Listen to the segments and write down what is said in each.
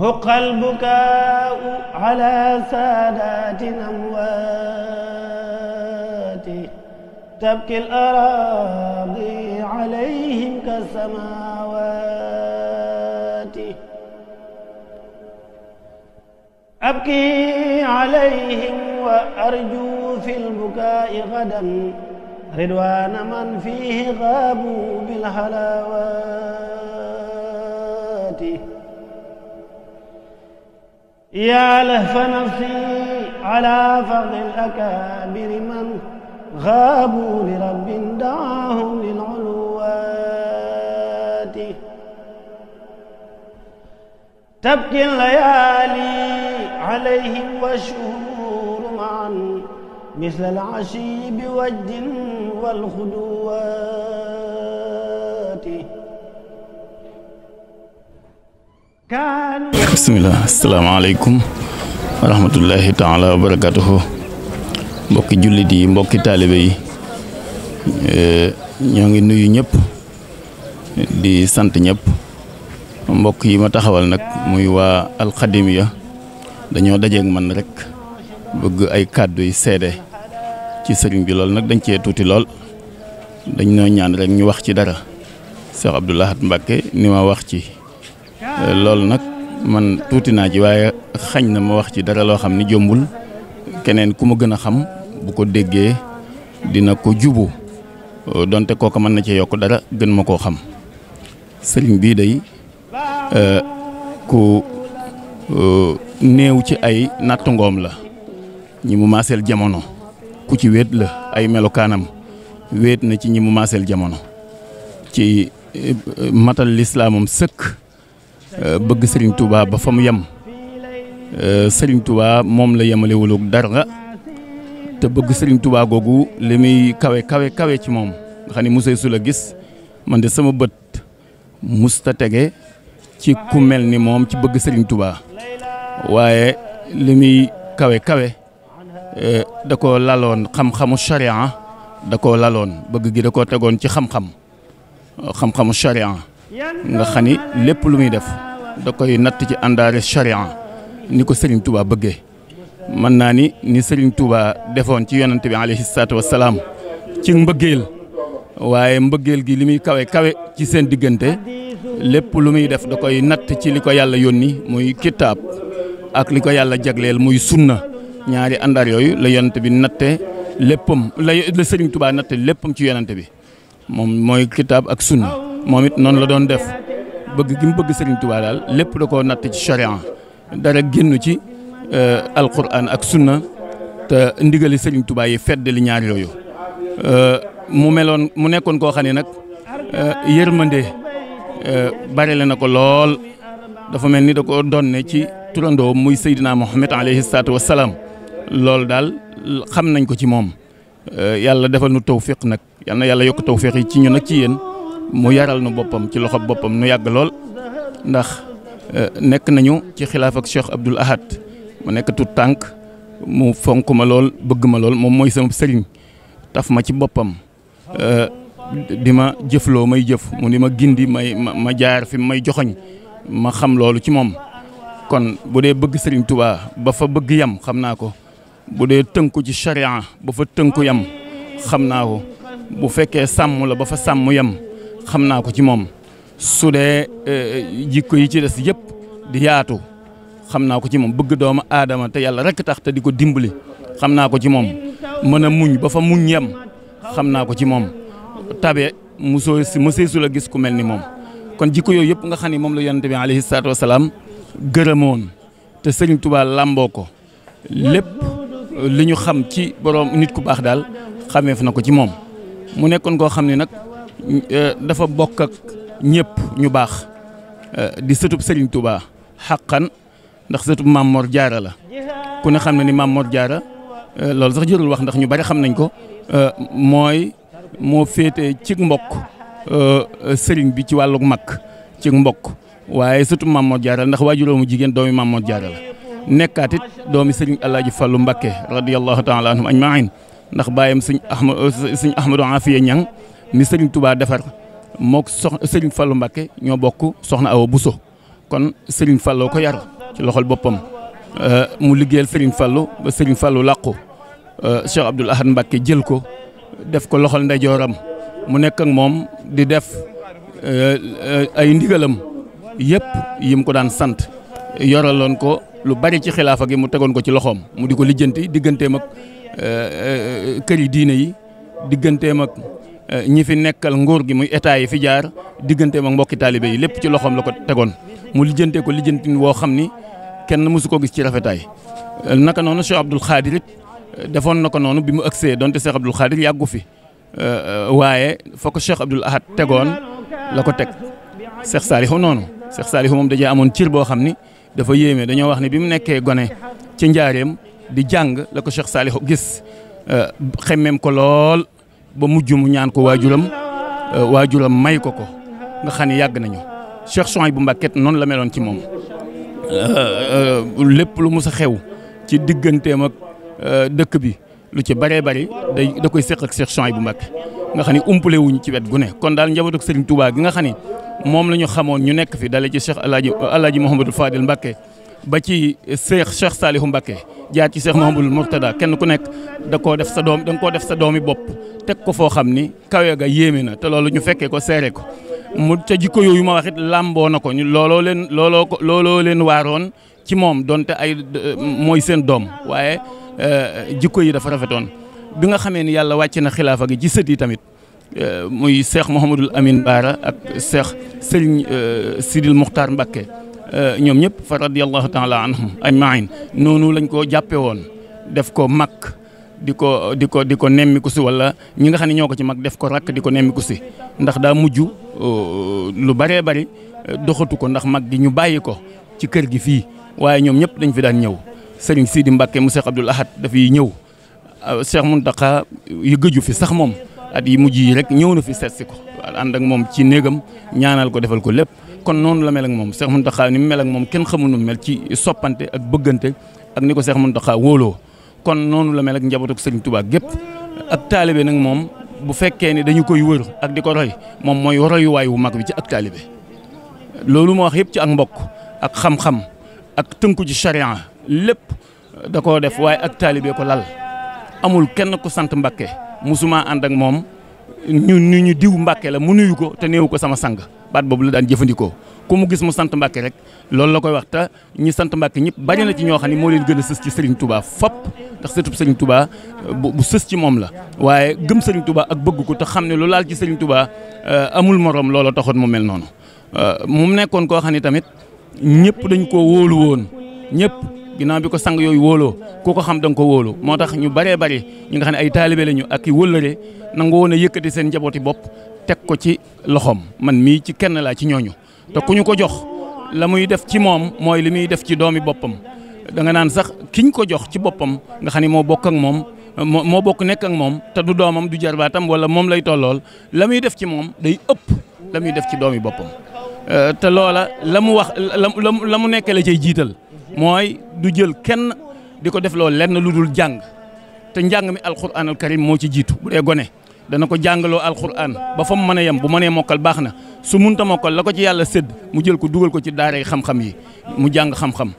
هق البكاء على سادات أمواته تبكي الأراضي عليهم كالسماوات أبكي عليهم وأرجو في البكاء غدا رضوان من فيه غابوا بالهلاوات يا لهف نفسي على فرض الأكابر من غابوا لرب دعاهم للعلوات تبكي الليالي عليهم والشهور معا مثل العشي بوجد والخدوات كانوا bismillah assalamualaikum warahmatullahi rahmatullahi taala wa barakatuhu mbokki jullit yi mbokki taalibe yi eh, ñoo nuyu di santi nyep. mbokk yi ma taxawal nag muy waa alxadimiya dañoo dajeeg man rek bëgg ay kàddu yi seede ci sëriñ bi lool nak dañ cee tuti lool dañ noo rek ñu wax dara Cheikh abdullah Ahad ni ma wax ci eh, man tuuti naa ci waaye xañ na ma wax ci dara loo xam ni jombul keneen ku ma gën a xam bu ko déggee dina ko jubu donte kooka mën na ci yokk dara gën ma koo xam sëriñ bii day euh, ku euh, néew ci ay nattu ngoom la ñi mu maaseel jamono ku ci wéet la ay melokaanam wéet na ci ñi mu maaseel jamono ci euh, matal lislaamam sëkk Euh, bëgg Serigne Touba ba fa mu yem euh, Serigne Touba moom la yemalewulug dara te bëgg Serigne Touba googu li muy kawe kawe kawe ci moom nga xam ne mosay su gis man de sama bët musta tege ci ku mel ni moom ci bëgg Serigne Touba waaye li muy kawe kawe euh, da ko laloon xam-xamu charia da ko laloon bëgg gi da ko tegoon ci xam-xam xam-xamu charia nga xam ni lépp lu muy def da koy natt ci àndaare charia ni ko Serigne Touba bëgge mën naa ni ni sëriñ Touba defoon ci yonante bi alayhi salaatu wasalaam ci mbëggeel waaye mbëggeel gi li muy kawe kawe ci seen diggante lépp lu muy def da koy natt ci li ko yàlla yónni muy kitaab ak li ko yàlla jagleel muy sunna ñaari àndaar yooyu la yonante bi natte léppam la Serigne Touba natte léppam ci yonante bi moom mooy kitaab ak sunna moom it noonu la doon def bëgg gi mu bëgg Serigne Touba daal lépp da koo natt ci charia dara génn ci euh, alquran ak sunna te ndigali Serigne Touba yi fedd li ñaar yooyu euh, mu meloon mu nekkoon koo xam ne nag euh, yërmande bare le na ko lool dafa mel ni da ko donne ci turandoo muy Seydina Mohamed alayhi salaatu wa salaam loolu daal xam nañ ko ci moom yàlla defal nu tawfiq nag yal na yàlla yokk tawfiq yi ci ñun ak ci yéen. mu yaral nu boppam ci loxo boppam nu yàgg lool ndax euh, nekk nañu ci xilaafak ak Cheikh Abdoul Ahad mu nekk tànk mu fonk ma lool bëgg ma lool moom mooy sama sëriñ taf ma ci boppam euh, di ma jëfloo may jëf mu di ma gindi may ma jaar fi may joxoñ ma xam loolu ci moom kon bu dee bëgg sëriñ tubaa ba fa bëgg yam xam naa ko bu dee tënku ci charia ba fa tënku yam xam naa ko bu fekkee sàmm la ba fa sàmm yam xam naa ko ci moom su dee e, e, jikko yi ci des yëpp di yaatu xam naa ko ci moom bëgg doomu aadama te yàlla rek tax te di ko dimbali xam naa ko ci moom mën a muñ ba fa muñ yem xam naa ko ci moom tabe mosoo si mosee su la gis ku mel ni moom kon jikko yooyu yëpp nga xam ni moom la yonent bi alayhi salaatu wasalaam gërëmoon te sëriñ tubaal làmboo ko lépp li ñu xam ci borom nit ku baax daal xameef na ko ci moom mu nekkoon koo xam ne nag Euh, dafa bokk ak ñëpp ñu baax euh, di sëtub Serigne Touba xaqan ndax sëtub Mame Mor Diarra la ku ne xam na ni Mame jaara euh, loolu sax jërul wax ndax ñu bari xam nañ ko mooy moo féete ci mbokk sëriñ bi ci wàllug mag ci mbokk waaye sëtub Mame jaara Diarra ndax waajuróomu jigéen doomi Mame Mor Diarra la nekkaat it doomi Serigne Alaaji Fàllu Mbakke radiyallahu taala anhum ajmain ndax bàyyam sëñ Ahmadu Afiya Ñang ni Serigne tubaa defar mook soxna Serigne Fallou Mbacké ñoo bokk soxna Awa Bousso kon sëriñ Fallou ko yar ci loxol boppam euh, mu liggéeyal sëriñ Fallou ba Serigne Fallou làqu euh, Cheikh Abdoul Ahad Mbacké jël ko def ko loxol ndajooram mu nekk moom di def euh, ay ndigalam yëpp yi ko daan sant yoraloon ko lu bari ci xilaafa gi mu tegoon ko ci loxoom mu di ko lijjant digganteem ak këri diine yi digganteem ak Euh, ñi fi nekkal nguur gi muy état yi fi jaar digganteem ak mbokki taalibe yi lépp ci loxoom la ko tegoon mu lijjantee ko lijjantin woo xam ni kenn su ko gis ci rafetaay euh, naka noonu Cheikh Abdoul Khadir it euh, defoon na ko noonu bi mu agsee donte Cheikh Abdoul Khadir yàggu fi waaye fa ko Cheikh Abdoul Ahad tegoon la ko teg Cheikh Salihu noonu Cheikh Salihu moom dajee amoon cir boo xam ni dafa yéeme dañoo wax ne bi mu nekkee gone ci njaareem di jàng la ko Cheikh Salihu gis xemmeem ko lool ba mujj mu ñaan ko waajuram euh, waajuram may ko ko nga xam ne yàgg nañu Cheikh Souhaïbou bu Mbàkke noonu la meloon ci moom euh, euh, lépp lu mus a xew ci digganteem ak dëkk bi lu ci baree bari day da koy seq ak bu Mbàkke nga xam ne umpale wuñ ci wet gu ne kon daal njabootu ak Serigne Touba gi nga xam ne moom la ñu xamoon ñu nekk fi dale ci Cheikh El Hadj El Hadj Mouhamadou Fadil ba ci Cheikh Cheikh Salihou Mbàkke jaar ci Cheikh Mouhamadul Mourtada kenn ku nekk da koo def sa doom danga nga koo def sa doomi bopp teg ko foo xam ni kawe ga yéeme na te loolu ñu fekkee ko seere ko mu ca jikko yooyu ma waxit làmboo na ko ñu looloo leen looloo ko looloo leen waaroon ci moom donte ay mooy seen doom waaye euh, jikko yi dafa rafetoon bi nga xamee ni yàlla wàcc na xilaafa gi ci sët yi tamit euh, muy Cheikh Mouhamadul Amin Baara ak Cheikh Serigne euh, Sidil Muxtaar Mbakke Euh, ñoom ñëpp fa radiyallahu taala anhum ajmain noonu lañ ko jàppe woon def ko mag di ko di ko di ko nemmiku si wala ñi nga xam ne ñoo ko ci mag def ko rakk di ko nemmiku si ndax daa mujj euh, lu bëree bëri euh, doxatu ko ndax mag gi ñu bàyyi ko ci kër gi fii waaye ñoom ñëpp dañ fi daan ñëw sëriñ Sidi Mbacke mu Cheikh Abdoul Ahad dafay ñëw Cheikh Mountakha yu gëju fi sax moom at yi mujj yi rek ñëw na fi seet si ko ànd ak moom ci néegam ñaanal ko defal ko lépp kon noonu la mel ak moom Cheikh Mountakha ni mu mel moom kenn xamul nu mel ci soppante ak bëggante ak ni ko Cheikh Mountakha wooloo kon noonu la mel ak njabootu Serigne Touba gépp ak taalibe nag moom bu fekkee ni dañu koy wër ak di ko roy moom mooy royuwaay wu mag bi ci ak taalibe loolu moo wax yëpp ci ak mbok ak xam-xam ak tënku ci charia lépp da koo def waaye ak taalibe ko lal amul kenn ku sant mbake musuma ànd ak moom ñu ñu diw mbake la mu nuyu ko te néew ko sama sang baat boobu la daan jëfandikoo ko mu gis mu sant Mbàkke rek loolu la koy wax te ñi sant Mbàkke ñëpp bari na ci ñoo xam ne moo leen gën a sës ci Serigne Touba fopp ndax sëtub Serigne Touba bu sës ci moom la waaye gëm Serigne tubaa ak bëgg ko te xam ne lu laal ci Serigne tubaa euh, amul moroom loola taxoon mu mel noonu euh, mu nekkoon koo xam ni tamit ñëpp dañ ko wóolu woon ñëpp ginnaaw bi ko sang yooyu wóoloo ku ko xam da nga ko wóolu moo tax ñu baree bari ñi nga xam ne ay taalibe lañu ak i wëllëre nangu woon a yëkkati seen njabooti bopp teg ko ci loxoom man mii ci kenn laa ci ñooñu te ku ñu ko jox la muy def ci moom mooy li muy def ci doomi boppam da nga naan sax kiñ ko jox ci boppam nga xam ne moo bokk ak moom moo bokk nekk ak moom te du doomam du jarbaatam wala moom lay tollool la muy def ci moom day ëpp la muy def ci doomi boppam euh, te loola la mu wax la mu la mu nekkee la cay jiital mooy du jël kenn di ko def loolu lenn lu dul jàng te njàng mi alxuraanul karim moo ci jiitu bu dee gone dana ko jàngaloo alxuraan ba fa mu mën a yem bu mënee mokkal baax na su munta mokkal la ko ci yàlla sédd mu jël ko dugal ko ci daaree xam-xam yi mu jàng xam-xam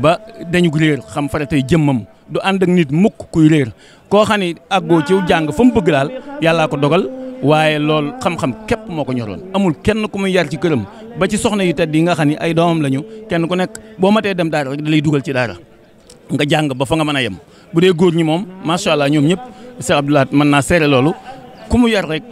ba dañu réer xam faratay jëmmam du ànd ak mukk kuy réer koo xam ne àggoo ci jàng fa mu bëgg daal yàllaa ko dogal waaye loolu xam-xam képp moo ko ñoroon amul kenn ku muy yar ci këram ba ci soxna yu tedd yi nga xam ne ay doomam lañu kenn ku nekk boo matee dem daara rek da lay dugal ci daara nga jàng ba fa nga mën a yem bu dee góor ñi moom macha allah ñoom ñëpp Cheikh Abdou Lahad mën naa seere loolu ku mu yar rek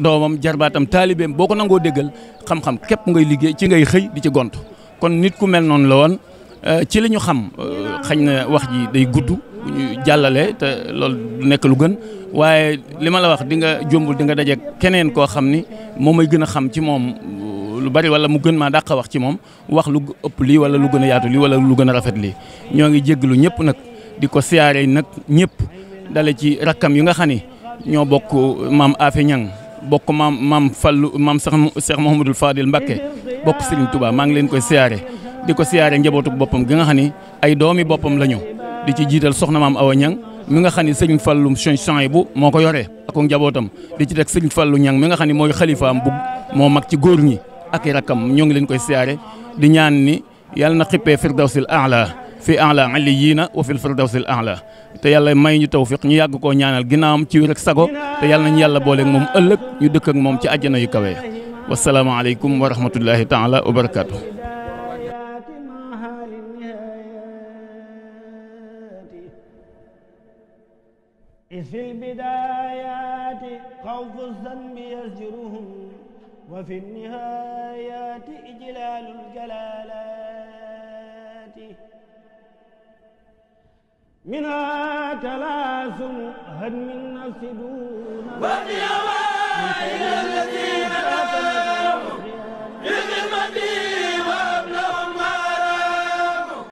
doomam jarbaatam taalibeem boo ko nangoo déggal xam-xam képp ngay liggéey ci ngay xëy di ci gont kon nit ku mel noonu la woon euh, ci li ñu xam euh, xañ na wax ji day gudd jàllale te loolu du nekk lu gën waaye li ma la wax di nga jombul di nga daje keneen koo xam ni moom may gën a xam ci moom euh, lu bari wala mu gën maa dàq wax ci moom wax lu ëpp lii wala lu gën a yaatu lii wala lu gën a rafet lii ñoo ngi jéggalu dale ci rakkam yi nga xam ne ñoo bokk maam Afe Ñang bokk maam maam Fallu maam sax Cheikh Mouhamadul Fadil Mbakke bokk Serigne tubaab maa ngi leen koy siyaare di ko siyaare njabootu boppam gi nga xam ne ay doomi boppam lañu di ci jiital soxna maam Awa Ñang mi nga xam ne Serigne Fallum Change bu moo ko yoree ak njabootam di ci teg Serigne Fallu Ñang mi nga xam ne mooy xalifaam bu moo mag ci góor ñi ak i rakkam ñoo ngi leen koy siyaare di ñaan ni yàlla na xippee firdawsil aala في أعلى عليينا وفي الفردوس الأعلى تيالا ماي ني توفيق ني ياغ كو تيولك غينام تيالا نيالا يالا بولك موم ألك ني دك اك موم والسلام عليكم ورحمه الله تعالى وبركاته في البدايات خوف الذنب يزجرهم وفي النهايات إجلال الجلالات منها تلاسم هد من نفس دون